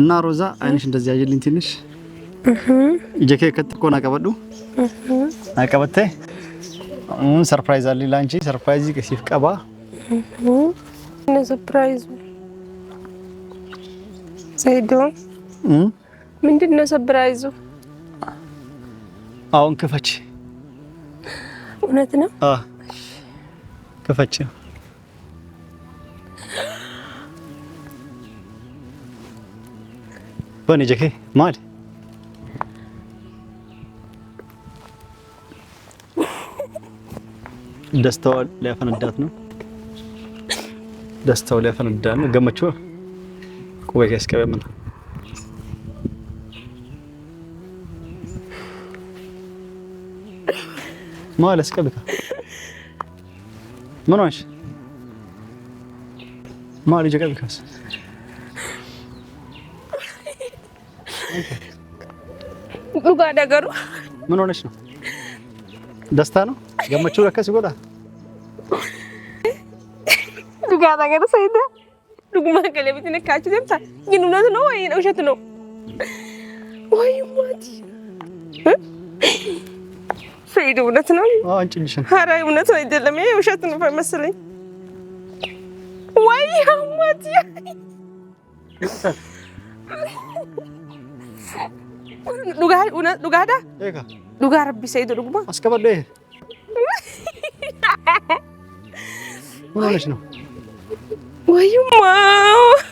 እና ሮዛ አይንሽ እንደዚህ አይልኝ ትንሽ ጀኬ ከጥቆና አቀበዱ ምን ሰርፕራይዝ አለ ላንቺ ሰርፕራይዝ ከሲፍ ቀባ እነ ሰርፕራይዝ ዘይዶ ምንድን ነው ሰርፕራይዙ? አሁን ክፈች። እውነት ነው? አዎ ክፈች። Banecek mal. ደስታዋ ሊያፈነዳት ነው። ደስታው ሊያፈነዳ ነው። ገመቹ ቆይ ከስከበም ነው ማለት ስከበካ ምን ሆነሽ? ማለት ጀቀብካስ ጉባ ነገሩ ምን ሆነች ነው? ደስታ ነው ገመችው ረከስ ይጎዳ ዱጋ ነገር ሰይደ ጉማ ቀለበት ነካች ደምታ ግን እውነት ነው ወይ ውሸት ነው ወይ ማቲ ሰይድ እውነት ነው? አንቺ ልሽን ኧረ እውነት ነው አይደለም፣ ይሄ ውሸት ነው መሰለኝ። ወይ ማቲ dhugaadha? Dhugaa rabbi isa idu dhuguma. As qabadhee. Maal honees nuu? Wayyummaa.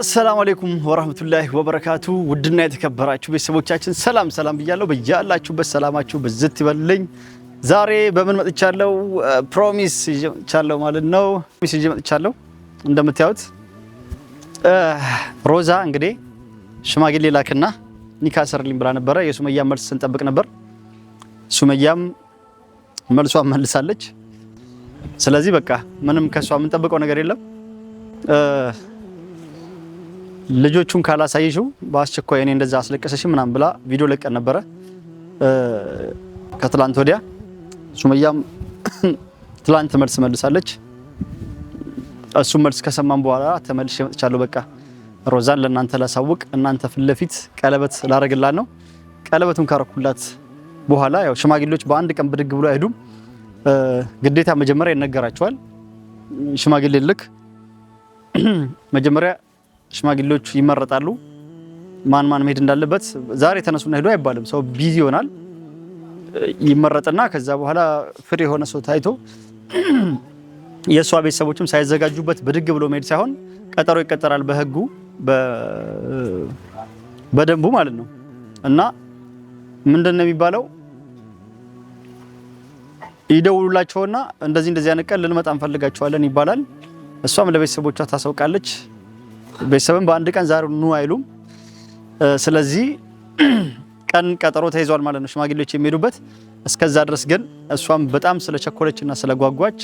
አሰላሙ አሌይኩም ወራህመቱላሂ ወበረካቱ። ውድና የተከበራችሁ ቤተሰቦቻችን ሰላም ሰላም ብያለሁ። በያላችሁበት ሰላማችሁ ብዝት ይበልልኝ። ዛሬ በምን መጥቻለሁ? ፕሮሚስ ይዤ መጥቻለሁ ማለት ነው። ፕሮሚስ ይዤ መጥቻለሁ። እንደምታዩት ሮዛ እንግዲህ ሽማግሌ ላክና ኒካ ሰርልኝ ብላ ነበረ። የሱመያ መልስ ስንጠብቅ ነበር። ሱመያም መልሷ መልሳለች። ስለዚህ በቃ ምንም ከሷ የምንጠብቀው ነገር የለም። ልጆቹን ካላሳየሽው በአስቸኳይ እኔ እንደዛ አስለቀሰሽ ምናምን ብላ ቪዲዮ ለቀን ነበረ ከትላንት ወዲያ። ሱመያም ትላንት መልስ መልሳለች። እሱ መልስ ከሰማን በኋላ ተመልሼ መጥቻለሁ። በቃ ሮዛን ለእናንተ ላሳውቅ፣ እናንተ ፊት ለፊት ቀለበት ላረግላት ነው። ቀለበቱን ካረኩላት በኋላ ያው ሽማግሌዎች በአንድ ቀን ብድግ ብሎ አይሄዱም። ግዴታ መጀመሪያ ይነገራቸዋል። ሽማግሌ ልክ መጀመሪያ ሽማግሌዎች ይመረጣሉ። ማን ማን መሄድ እንዳለበት ዛሬ ተነሱና ሄዱ አይባልም። ሰው ቢዚ ይሆናል። ይመረጥና ከዛ በኋላ ፍሬ የሆነ ሰው ታይቶ የእሷ ቤተሰቦችም ሳይዘጋጁበት ብድግ ብሎ መሄድ ሳይሆን ቀጠሮ ይቀጠራል በህጉ በደንቡ ማለት ነው። እና ምንድን ነው የሚባለው? ይደውሉላቸውና እንደዚህ እንደዚህ ያነቀን ልንመጣ እንፈልጋቸዋለን ይባላል። እሷም ለቤተሰቦቿ ታሳውቃለች። ቤተሰብም በአንድ ቀን ዛሬ ኑ አይሉም። ስለዚህ ቀን ቀጠሮ ተይዟል ማለት ነው ሽማግሌዎች የሚሄዱበት። እስከዛ ድረስ ግን እሷም በጣም ስለቸኮለችና ስለጓጓች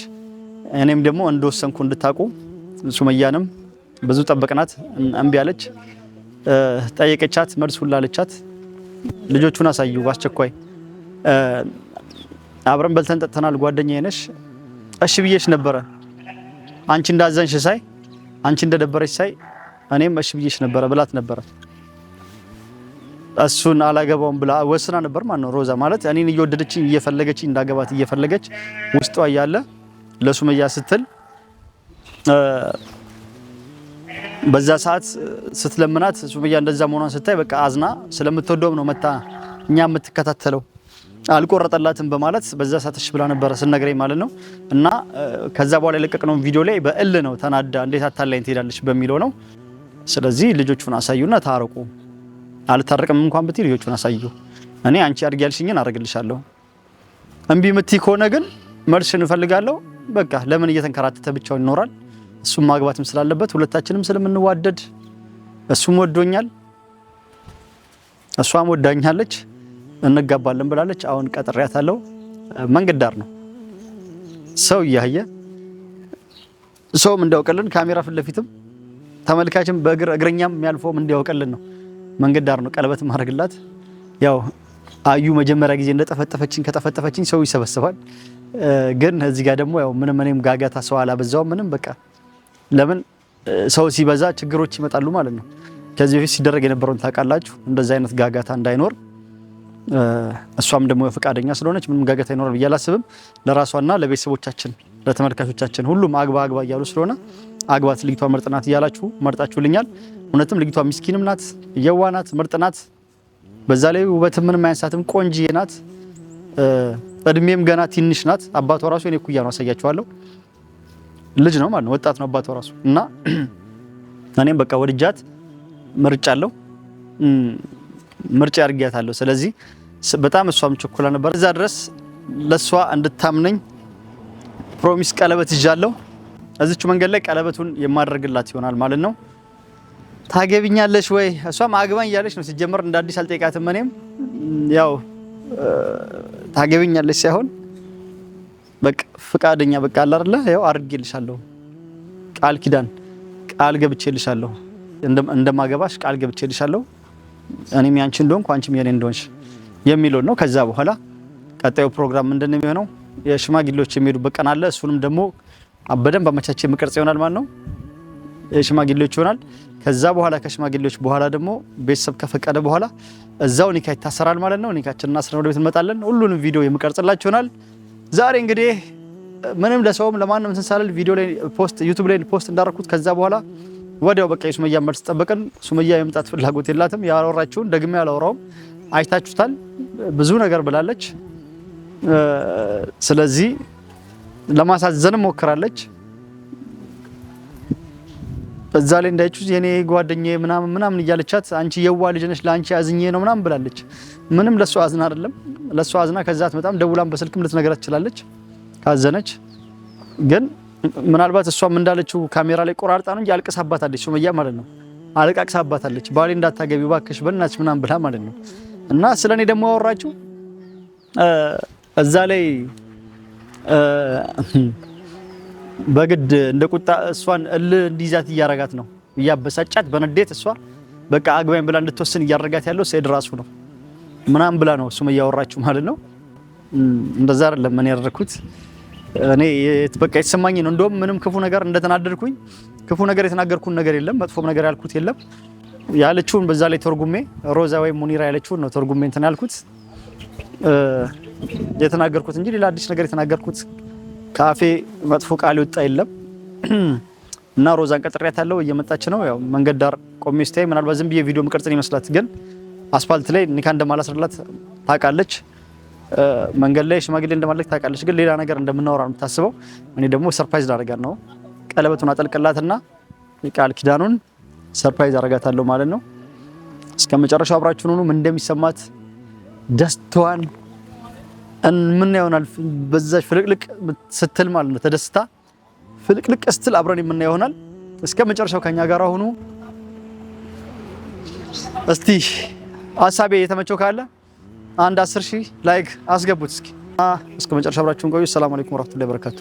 እኔም ደግሞ እንደወሰንኩ እንድታቁ ሱመያንም ብዙ ጠበቅናት፣ እምቢ አለች። ጠየቀቻት፣ መልስ ሁላ አለቻት። ልጆቹን አሳዩ አስቸኳይ አብረን በልተን ጠጥተናል። ጓደኛዬ ነሽ፣ እሺ ብዬሽ ነበረ። አንቺ እንዳዘንሽ ሳይ፣ አንቺ እንደደበረች ሳይ እኔም እሺ ብዬሽ ነበረ ብላት ነበረ። እሱን አላገባውም ብላ ወስና ነበር ማለት ነው። ሮዛ ማለት እኔን እየወደደችኝ እየፈለገችኝ እንዳገባት እየፈለገች ውስጧ እያለ ለሱመያ ስትል በዛ ሰዓት ስትለምናት ሱመያ እንደዛ መሆኗን ስታይ በቃ አዝና ስለምትወደውም ነው መታ እኛ የምትከታተለው አልቆረጠላትም በማለት በዛ ሰዓት እሺ ብላ ነበረ ስነግረኝ ማለት ነው። እና ከዛ በኋላ የለቀቅነው ቪዲዮ ላይ በእል ነው ተናዳ እንዴት አታላይን ትሄዳለች በሚለው ነው ስለዚህ ልጆቹን አሳዩና ታረቁ። አልታረቅም እንኳን ብትይ ልጆቹን አሳዩ። እኔ አንቺ አድርጊ ያልሽኝን አደርግልሻለሁ። እምቢ ምትይ ከሆነ ግን መልስ እንፈልጋለሁ። በቃ ለምን እየተንከራተተ ብቻውን ይኖራል? እሱም ማግባትም ስላለበት ሁለታችንም ስለምንዋደድ እሱም ወዶኛል፣ እሷም ወዳኛለች፣ እንጋባለን ብላለች። አሁን ቀጥሬያታለሁ። መንገድ ዳር ነው ሰው እያየ ሰውም እንዳውቅልን ካሜራ ፊት ለፊትም ተመልካችም በእግር እግረኛም የሚያልፈውም እንዲያውቀልን ነው። መንገድ ዳር ነው ቀለበት ማድረግላት። ያው አዩ መጀመሪያ ጊዜ እንደጠፈጠፈችን ከጠፈጠፈችን ሰው ይሰበስባል። ግን እዚህ ጋር ደግሞ ያው ምንም እኔም ጋጋታ ሰው አላበዛውም። ምንም በቃ ለምን ሰው ሲበዛ ችግሮች ይመጣሉ ማለት ነው። ከዚህ በፊት ሲደረግ የነበረውን ታውቃላችሁ። እንደዚ አይነት ጋጋታ እንዳይኖር እሷም ደግሞ ፈቃደኛ ስለሆነች ምንም ጋጋታ ይኖራል ብዬ አላስብም። ለራሷና ለቤተሰቦቻችን ለተመልካቾቻችን ሁሉም አግባ አግባ እያሉ ስለሆነ አግባት ልጅቷ መርጥናት ናት እያላችሁ መርጣችሁልኛል። እውነትም ልጅቷ ሚስኪንም ናት፣ የዋናት ናት፣ በዛ ላይ ውበት ምንም አያንሳትም፣ ቆንጅዬ ናት። እድሜም ገና ትንሽ ናት። አባቷ ራሱ የኔ ኩያ ነው፣ አሳያችኋለሁ። ልጅ ነው ማለት ነው፣ ወጣት ነው አባቷ ራሱ እና እኔም በቃ ወድጃት መርጫለሁ፣ ምርጫ አድርጊያታለሁ። ስለዚህ በጣም እሷም ቸኩላ ነበር። እዛ ድረስ ለእሷ እንድታምነኝ ፕሮሚስ ቀለበት ይዣለሁ። እዚች መንገድ ላይ ቀለበቱን የማደርግላት ይሆናል ማለት ነው። ታገቢኛለሽ ወይ? እሷም አግባኝ እያለች ነው ሲጀመር። እንደ አዲስ አልጠይቃትም። እኔም ያው ታገቢኛለሽ ሳይሆን በቃ ፍቃደኛ በቃ አለ አይደለ? ያው አድርጌልሻለሁ፣ ቃል ኪዳን ቃል ገብቼልሻለሁ፣ እንደማገባሽ ቃል ገብቼልሻለሁ፣ እኔም ያንቺ እንደሆንኩ አንቺም የኔ እንደሆንሽ የሚለውን ነው። ከዛ በኋላ ቀጣዩ ፕሮግራም ምንድን ነው የሚሆነው? የሽማግሌዎች የሚሄዱበት ቀን አለ። እሱንም ደግሞ በደንብ አመቻቼ የምቀርጽ ይሆናል ማለት ነው። ሽማግሌዎች ይሆናል። ከዛ በኋላ ከሽማግሌዎች በኋላ ደግሞ ቤተሰብ ከፈቀደ በኋላ እዛው ኒካ ይታሰራል ማለት ነው። ኒካችንን አስረን ወደ ቤት እንመጣለን። ሁሉንም ቪዲዮ የምቀርጽላችሁ ይሆናል። ዛሬ እንግዲህ ምንም ለሰውም ለማንም ስንሳለል ቪዲዮ ላይ ፖስት ዩቲዩብ ላይ ፖስት እንዳደረኩት ከዛ በኋላ ወዲያው በቃ የሱመያ መልስ ጠበቅን። ሱመያ የመምጣት ፍላጎት የላትም። ያወራችሁን ደግሜ ያላወራውም አይታችሁታል። ብዙ ነገር ብላለች። ስለዚህ ለማሳዘን ሞክራለች። እዛ ላይ እንዳይችሁት የኔ ጓደኛዬ ምናምን ምናምን እያለቻት አንቺ የዋ ልጅ ነሽ ለአንቺ አዝኜ ነው ምናምን ብላለች። ምንም ለሷ አዝና አይደለም ለሷ አዝና ከዛት በጣም ደውላን በስልክም ልትነግራት ትችላለች። ካዘነች ግን ምናልባት እሷም እንዳለችው ካሜራ ላይ ቆራርጣ ነው እንጂ አልቅሳባታለች። ሱመያ ማለት ነው አልቃቅሳባታለች። ባሌ እንዳታገቢው ባክሽ በእናትሽ ምናምን ብላ ማለት ነው እና ስለኔ ደግሞ ያወራችው እዛ ላይ በግድ እንደ ቁጣ እሷን እልህ እንዲይዛት እያረጋት ነው፣ እያበሳጫት በንዴት እሷ በቃ አግባኝ ብላ እንድትወስን እያረጋት ያለው ሰይድ ራሱ ነው ምናምን ብላ ነው እሱም እያወራችሁ ማለት ነው። እንደዛ አይደለም እኔ ያደረኩት። እኔ በቃ የተሰማኝ ነው። እንደውም ምንም ክፉ ነገር እንደተናደድኩኝ ክፉ ነገር የተናገርኩን ነገር የለም፣ መጥፎም ነገር ያልኩት የለም። ያለችውን በዛ ላይ ተርጉሜ ሮዛ ወይም ሙኒራ ያለችውን ነው ተርጉሜ እንትን ያልኩት። የተናገርኩት እንጂ ሌላ አዲስ ነገር የተናገርኩት ከአፌ መጥፎ ቃል ይወጣ የለም። እና ሮዛን ያለው እየመጣች ነው። ያው መንገድ ዳር ቆሜ ስታይ ምናልባት ዝም ብዬ ቪዲዮ መቅረጽን ይመስላት፣ ግን አስፋልት ላይ ኒካ እንደማላስርላት ታውቃለች። መንገድ ላይ ሽማግሌ እንደማልክ ታውቃለች። ግን ሌላ ነገር እንደምናወራ ነው የምታስበው። እኔ ደግሞ ሰርፕራይዝ ላደርጋት ነው። ቀለበቱን አጠልቅላትና ቃል ኪዳኑን ሰርፕራይዝ አደርጋታለሁ ማለት ነው። እስከ መጨረሻው አብራችሁን ሆኑ። ምን እንደሚሰማት ደስታዋን ምን ይሆናል በዛች ፍልቅልቅ ስትል ማለት ነው። ተደስታ ፍልቅልቅ ስትል አብረን የምን ይሆናል። እስከ መጨረሻው ከኛ ጋር ሁኑ። እስቲ አሳቤ የተመቸው ካለ አንድ 10 ሺህ ላይክ አስገቡት። እስኪ እስከ መጨረሻ አብራችሁን ቆዩ። ሰላም አለይኩም ወራህመቱላሂ ወበረካቱ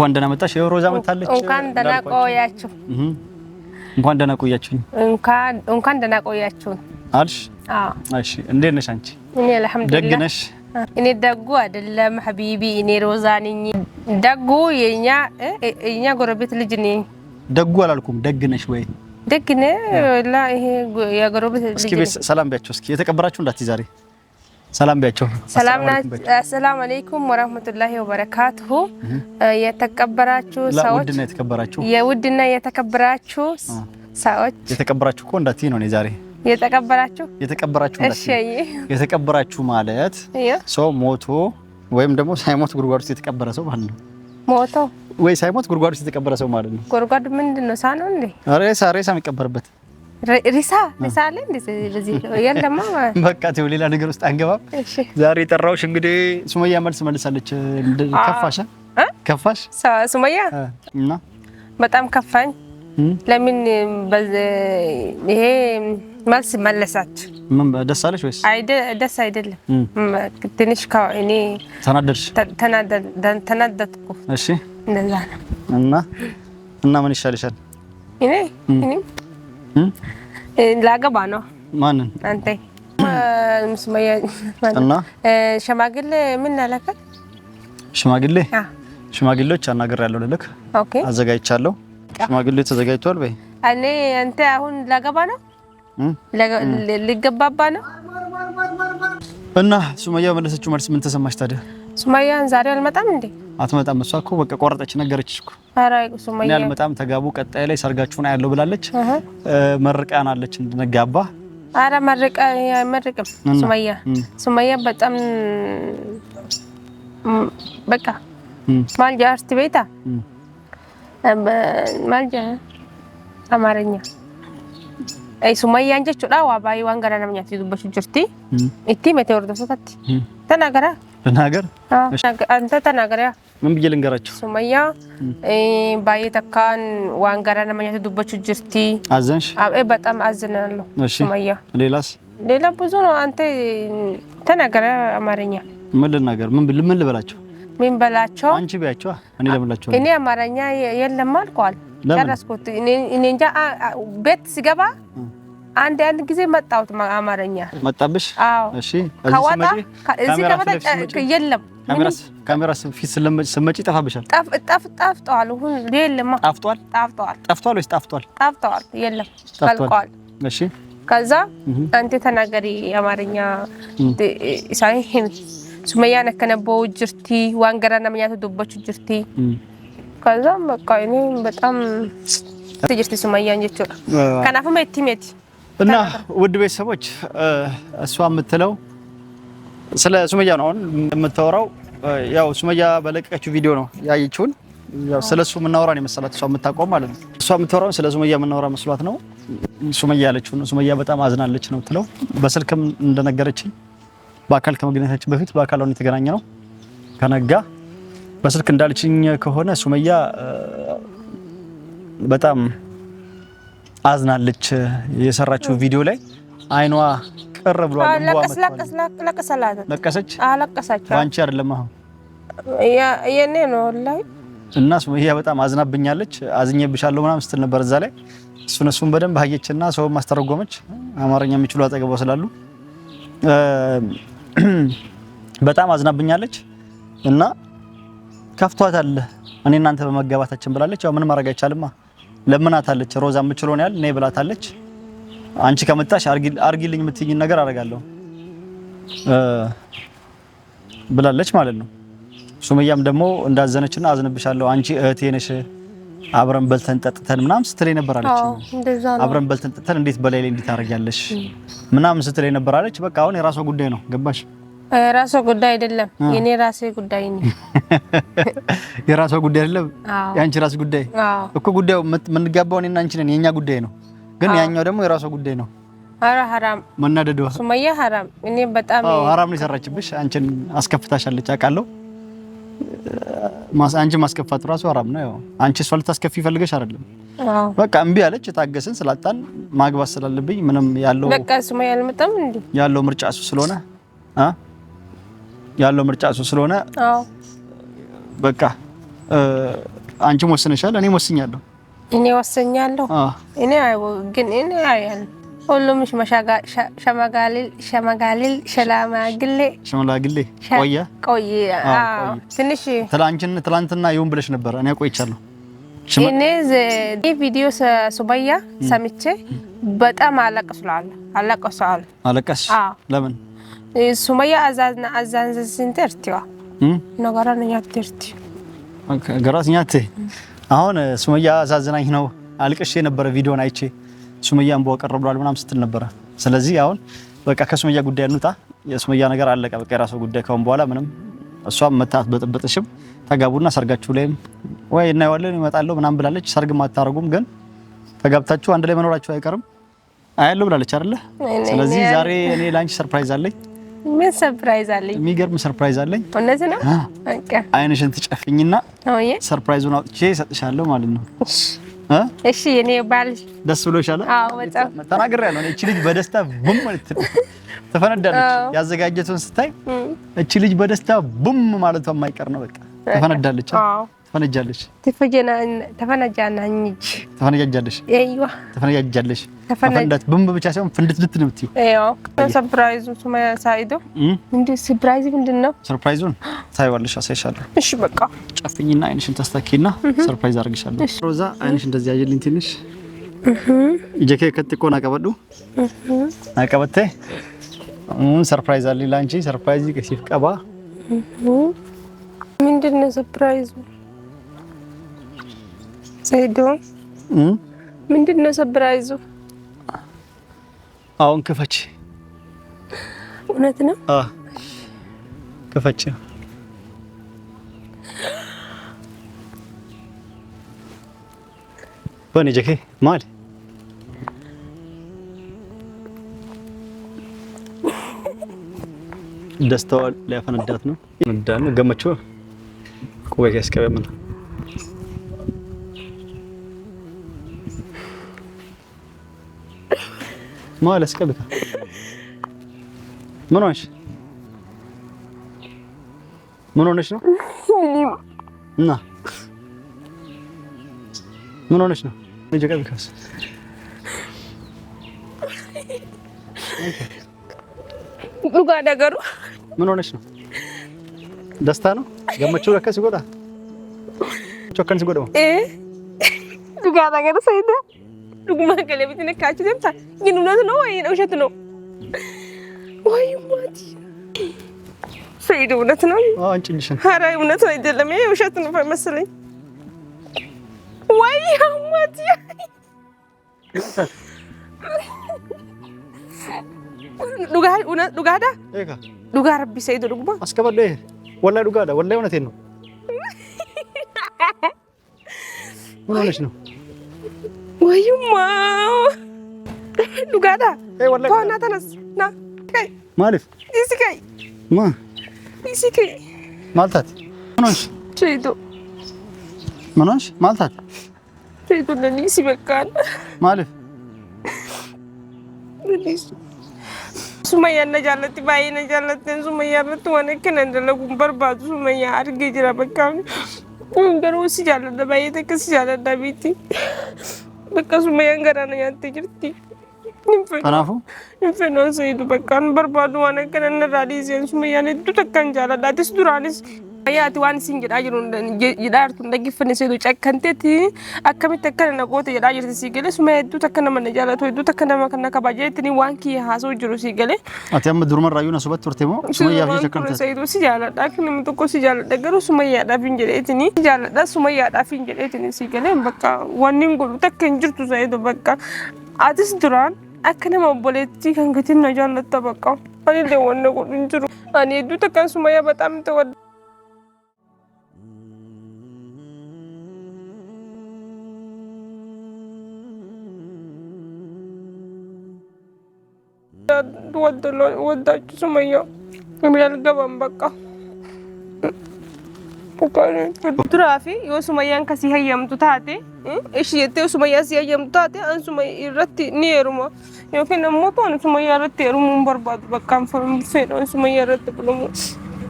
እንኳን ደህና መጣሽ። ያው ሮዛ መጣለች። እንኳን ደህና ቆያችሁ። እንኳን ደህና ቆያችሁ። እንኳን እንኳን ደህና ቆያችሁ አልሽ። አዎ እሺ። እንዴት ነሽ አንቺ? እኔ አልሐምዱሊላህ። ደግ ነሽ? እኔ ደጉ አይደለም ሐቢቢ፣ እኔ ሮዛ ነኝ። ደጉ የኛ የኛ ጎረቤት ልጅ ነኝ። ደጉ አላልኩም። ደግ ነሽ ወይ? ደግ ነ ላ ይሄ የጎረቤት ልጅ። እስኪ ቤት ሰላም ቢያችሁ። እስኪ የተቀበራችሁ እንዳትይ ዛሬ ሰላም ቢያቸው ሰላም አለይኩም ወራህመቱላሂ ወበረካቱሁ። የተከበራችሁ ሰዎች የተከበራችሁ የውድና የተከበራችሁ ሰዎች የተከበራችሁ እኮ እንዳትዪ ነው እኔ ዛሬ የተከበራችሁ የተከበራችሁ እሺ፣ የተከበራችሁ ማለት ሰው ሞቶ ወይም ደግሞ ሳይሞት ጉድጓድ ውስጥ የተቀበረ ሰው ማለት ነው። ሞቶ ወይ ሳይሞት ጉድጓድ ውስጥ የተቀበረ ሰው ማለት ነው። ጉድጓድ ምንድን ነው? ሳኖ እንዴ? ሬሳ ሬሳ የሚቀበርበት ሪሳ ሪሳ አለ እንደዚህ የለም። በቃ ተው፣ ሌላ ነገር ውስጥ አንገባም። ዛሬ የጠራሁሽ እንግዲህ ሱመያ መልስ መልሳለች። ከፋሽ ከፋሽ ሱመያ? እና በጣም ከፋኝ። ለምን ይሄ መልስ መለሳች? ምን ደስ አለሽ ወይስ ደስ አይደለም? ትንሽ እኔ ተናደድሽ? ተናደድኩ። እሺ እንደዛ ነው። እና እና ምን ይሻልሻል? እኔ እኔ ላገባ ነው። ማንን? አንተ እና ሽማግሌ ምን አላከል? ሽማግሌ ሽማግሌዎች አናግሬያለሁ፣ ልልክ አዘጋጅቻለሁ። ሽማግሌ ተዘጋጅቷል። በይ እኔ አንተ አሁን ላገባ ነው፣ ሊገባባ ነው። እና ሱመያ መለሰችው መልስ ምን ተሰማሽ ታዲያ? ሱመያን ዛሬ አልመጣም እንዴ? አትመጣም። እሷ እኮ በቃ ቆረጠች፣ ነገረች እኮ እኔ አልመጣም፣ ተጋቡ፣ ቀጣይ ላይ ሰርጋችሁን አያለው ብላለች። አለች እንድንጋባ። ኧረ መርቀ መርቅም ሱመያ ሱመያ በጣም በቃ ማልጃ አርት ቤታ ማልጃ አማርኛ አይ ሱመያ እንጀቹ ዳ ዋባይ ዋን ገራ ነምኛ ትይዙበሽ ጅርቲ እቲ ሜቴዎር ደሶታቲ ተናገራ ተናገር አንተ ተናገራ ምን ብዬ ልንገራቸው? ሱመያ ባዬ ተካን ዋን ጋራ ለማኛ ተዱበቹ ጅርቲ አዘንሽ? አይ በጣም አዝናለሁ ሱመያ። ሌላስ? ሌላ ብዙ ነው። አንተ ተናገረ አማርኛ። ምን ልናገር? ምን ምን ልበላቸው? ምን በላቸው? አንቺ ቢያቸው እኔ ለምላቸው። እኔ አማርኛ የለም አልኳል። ጨረስኩት። እኔ እንጃ ቤት ሲገባ አንድ አንድ ጊዜ መጣሁት አማርኛ መጣብሽ? አዎ። እሺ። እዚህ የለም ካሜራስ ፊት ስትመጪ ጠፍ ጠፍ ጠፍቷል። የለም። ጠፍቷል። ጠፍቷል። ጠፍቷል ወይስ ጠፍቷል? ጠፍቷል። የለም። እሺ። ከዛ አንተ ተናገሪ አማርኛ ሱመያ ጅርቲ ዋንገራ ነመኛ ጅርቲ ከዛም በቃ እኔ በጣም ጅርቲ ሱመያ እንጀቹ መቲ መቲ እና ውድ ቤተሰቦች እሷ የምትለው ስለ ሱመያ ነው አሁን የምታወራው። ያው ሱመያ በለቀቀችው ቪዲዮ ነው ያየችውን ያው ስለ እሱ የምናወራ ነው የመሰላት እሷ የምታውቀው ማለት ነው። እሷ የምታወራው ስለ ሱመያ የምናወራ መስሏት ነው ሱመያ ያለችው ነው። ሱመያ በጣም አዝናለች ነው የምትለው። በስልክም እንደነገረችኝ በአካል ከመገናኘታችን በፊት በአካል አሁን የተገናኘ ነው ከነጋ በስልክ እንዳለችኝ ከሆነ ሱመያ በጣም አዝናለች። የሰራችው ቪዲዮ ላይ አይኗ ቅር ብሏል። ለቀስ ለቀሰች አለቀሰች። ባንቺ አይደለም አሁን የኔ ነው ላይ እና ሱመያ በጣም አዝናብኛለች፣ አዝኜብሻለሁ ምናምን ስትል ነበር እዛ ላይ እሱን እሱን በደንብ አየችና ሰውም አስተረጎመች። አማርኛ የሚችሉ አጠገቧ ስላሉ በጣም አዝናብኛለች እና ከፍቷታል እኔ እናንተ በመጋባታችን ብላለች። ያው ምን ማድረግ አይቻልማ ለምናታለች። ሮዛ የምችለው ነው ያል ነይ ብላታለች። አንቺ ከመጣሽ አርጊልኝ የምትይኝ ነገር አደርጋለሁ ብላለች ማለት ነው። ሱመያም ደግሞ እንዳዘነችና አዝንብሻለሁ፣ አንቺ እህቴ ነሽ፣ አብረን በልተን ጠጥተን ምናምን ስትለኝ ነበራለች። አብረን በልተን ጠጥተን እንዴት በላይ ላይ እንዲታረጊያለሽ ምናምን ስትለኝ ነበራለች። በቃ አሁን የራሷ ጉዳይ ነው ገባሽ? ራሷ ጉዳይ አይደለም፣ የኔ ራሴ ጉዳይ ነው። የራሷ ጉዳይ አይደለም፣ የአንቺ ራስ ጉዳይ እኮ። ጉዳዩ የምንጋባው እኔና አንቺ ነን። የኛ ጉዳይ ነው፣ ግን ያኛው ደግሞ የራሷ ጉዳይ ነው። አረ ሐራም መናደዱ ሱመያ ሐራም። እኔ በጣም አዎ፣ ሐራም ነው የሰራችብሽ። አንቺን አስከፍታሻለች አውቃለሁ። አንቺ ማስከፋት ራሱ ሐራም ነው። ያው አንቺ እሷ ልታስከፊ ይፈልገሽ አይደለም። በቃ እምቢ አለች። የታገስን ስላጣን ማግባት ስላለብኝ ምንም ያለው በቃ ሱመያ አልመጣም እንዴ ያለው ምርጫ እሱ ስለሆነ አ ያለው ምርጫ እሱ ስለሆነ በቃ አንቺም ወስነሻል፣ እኔም ወስኛለሁ። እኔ ወስኛለሁ። እኔ አይ ግን እኔ አያል ሁሉም ሸመጋሊል ሸመጋሊል ሸላማግሌ ሸመላግሌ ቆየ ቆየ። ትንሽ ትላንችን ትላንትና ይሁን ብለሽ ነበር። እኔ ቆይቻለሁ። እኔ ይህ ቪዲዮ ሱበያ ሰምቼ በጣም አለቅሷል። አለቅሷል። አለቀስሽ? ለምን? ሱመያ አዛዝና አዛን ዘንት እርቲዋ ነገራን ያት ገራስኛት አሁን ሱመያ አዛዝናኝ ነው አልቅሽ የነበረ ቪዲዮን አይቼ ሱመያን በቀረብሏል ምናምን ስትል ነበረ። ስለዚህ አሁን በቃ ከሱመያ ጉዳይ እንውጣ። የሱመያ ነገር አለቀ። በቃ የራሷ ጉዳይ ከሆነ በኋላ ምንም እሷም መታት በጥብጥሽም ተጋቡና ሰርጋችሁ ላይም ወይ እናየዋለን ይመጣለሁ ምናምን ብላለች። ሰርግም አታረጉም ግን ተጋብታችሁ አንድ ላይ መኖራችሁ አይቀርም አያለሁ ብላለች አይደለ? ስለዚህ ዛሬ እኔ ላንቺ ሰርፕራይዝ አለኝ። ምን ሰርፕራይዝ አለኝ? የሚገርም ሰርፕራይዝ አለኝ። እውነት ነው። በቃ አይነሽን ትጨፍኝና ሰርፕራይዙን አውጥቼ እሰጥሻለሁ ማለት ነው። እሺ እኔ ባል ደስ ብሎሻል? አዎ በጣም ተናግሬያለሁ። እቺ ልጅ በደስታ ቡም ማለት ተፈነዳለች። ያዘጋጀቱን ስታይ እቺ ልጅ በደስታ ቡም ማለቷ የማይቀር ነው። በቃ ተፈነዳለች። አዎ ተፈነጃለሽ ተፈነጃናኝጅ ተፈነጃጃለሽ አይዋ ተፈነጃጃለሽ ተፈነጃት ብቻ ሳይሆን ፍንድት ልት ነው ሰርፕራይዙ ሱማያ ሳይዶ እንዴ ሰርፕራይዝ ምንድን ነው? ሰርፕራይዙን ታይዋለሽ፣ አሳይሻለሁ። እሺ በቃ ጨፍኝና አይንሽን ተስተካኪና ሰርፕራይዝ አድርግሻለሁ። ሮዛ አይንሽ እንደዚህ አየልኝ ትንሽ ጀኬ ከጥቆና ቀበዱ አቀበቴ ሰርፕራይዝ አለኝ ላንቺ ሰርፕራይዝ ከሲፍ ቀባ ምንድን ነው ሰርፕራይዙ? ሰይዶ ምንድን ነው ሰብራይዙ? አሁን ክፈች። እውነት ነው? አዎ ክፈች። በኔ ጀኬ ማል ደስታዋን ሊያፈነዳት ነው። እንዳን ቆይ ማለ ያስቀልታል። ምን ሆነሽ ምን ሆነሽ ነው? እና ምን ሆነሽ ነው? ልጅ ቀብካስ ጉጋ ነገሩ ምን ሆነሽ ነው? ደስታ ነው ገመችው ለከስ ይጎዳ ቾከን ሲጎዳው እ ጉጋ ነገር ሰይዳ ዱጉማ ቀለበት ነካችሁ ደምታ ግን እውነት ነው ወይ ውሸት ነው? ወይ ማቲ ሰይድ እውነት ነው? አንጭንሽን ኧረ እውነት አይደለም ይሄ ውሸት ነው መሰለኝ። ወይ ማቲ ዱጋ እውነት ዱጋዳ ዱጋ ረቢ ሰይድ ዱጉማ አስከበለ ወላሂ ዱጋዳ ወላሂ እውነቴን ነው። ምን ሆነሽ ነው? ወይማ ዱጋዳ ና ተነስ ና ማለፍ ይስከይ ማ ይስከይ ማልታት ምንሽ ቼዶ ምንሽ ማልታት ቼዶ ለኒስ ይበቃል ማለፍ ሱመያ ነጃለት ባይ ነጃለት ሱመያ ረት ወነከነ እንደለጉም በርባቱ ሱመያ አድርጌ ጅራ በቃ ገሮስ ይያለ ደባይ ተከስ ይያለ በቃ ሱመያ ገራነኝ አትጅርቲ kanaafuu infernoon sayidu bakkaan barbaadu waan akkana irraa dhiiseen suma yaanettu takkan jaaladhaatis duraanis Ayyaati waan isin jedhaa jiru jedhaa jirtu hin dhaggeeffanne seetu cakkanteetti akkamitti akka naqoota jedhaa jirti sii galee suma hedduu takka nama na jaalatu hedduu takka nama kan na kabaa jettanii waan kiyya haasoo jiru sii galee. Ati amma durumarraayyuu na sobatti turte moo sumayyaa fi cakkamte? Seetu si jaaladha akka nama tokko si jaaladha garuu sumayyaadhaaf hin jedheetini jaaladha sumayyaadhaaf hin jedheetini sii galee bakka waan hin godhu takka hin jirtu seetu bakka atis duraan akka nama obboleettii kan gatiin na jaallatta bakka ani illee waan na godhu hin jiru ani hedduu takkaan sumayyaa bataam ta'u ወዳችሁ ሱመያ የሚል አልገባም። በቃ ቱራፊ ዮ ሱመያን ከሲ ሀየምቱ ታቴ እሺ የቴ ሱመያ ሲ ሀየምቱ ታቴ አን ሱመይ ረት ኒ የሩማ ዮኪን እሞ ቶን ሱመያ ረት የሩሙን በርባዱ በቃን ፌዶን ሱመያ ረት ብሎሙ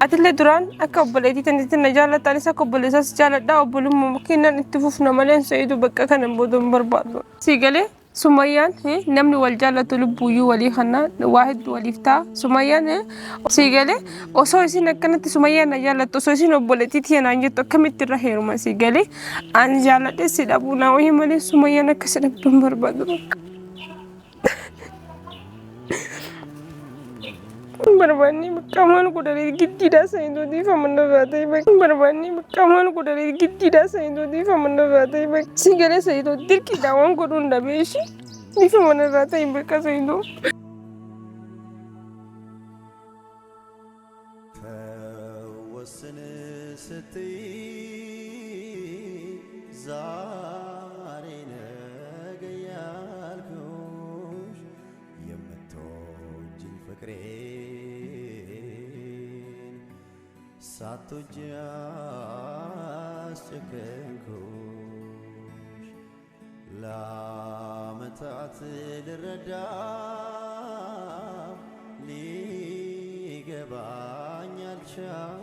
atille duraan akka obboleetii tanittina jaallattaanis akka obboleessas jaalladha obbolummaa kennan itti fufna maleen seeyitu bakka kanan booda hin barbaadu si galee ሱመያን ነምኒ ወልጃለቱ ልቡዩ ወሊ ከና ዋሂድ ወሊፍታ ሱመያን ሲገሌ ኦሶ እሲን አከነት ሱመያን አጃለቱ ኦሶ እሲን ኦቦለቲ ቲየን አንጀቶ ከሚት ራ ሄሩማ ሲገሌ አንጃለደ ሲዳቡና ወይ መሌ ሱመያን አከስደብዱን በርባዱ barbaannee beekamaan kuduraalee giddiidhaa saayintoota ifaman irraa ta'e barbaannee beekamaan kuduraalee giddiidhaa saayintoota ifaman irraa ta'e singalee saayintoota dirqiidhaawwan godhuun dhabeeshi ifaman irraa ta'e beekasaayintoota. ሳትወጂ አስጨከንኩሽ ለዓመታት ልረዳ ሊገባኝ አልቻል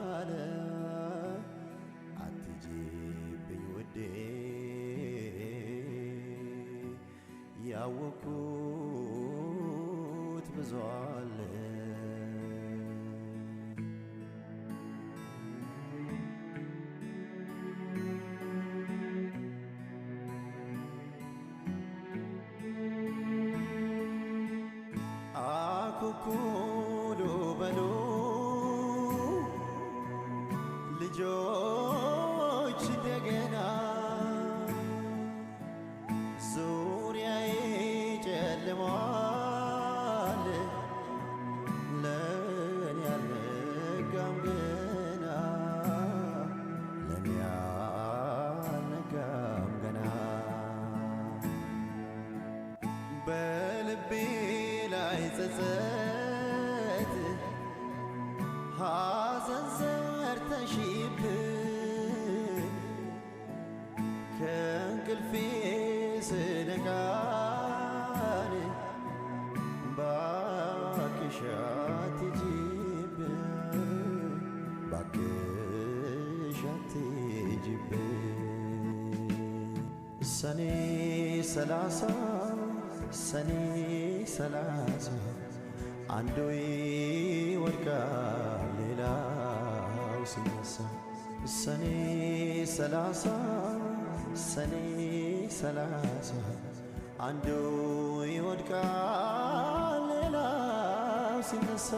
ሰኔ ሰላሳ ሰኔ ሰላሳ አንዱ ይወድቃል ሌላው ሲነሳ ሰኔ ሰላሳ ሰኔ ሰላሳ አንዱ ይወድቃል ሌላው ሲነሳ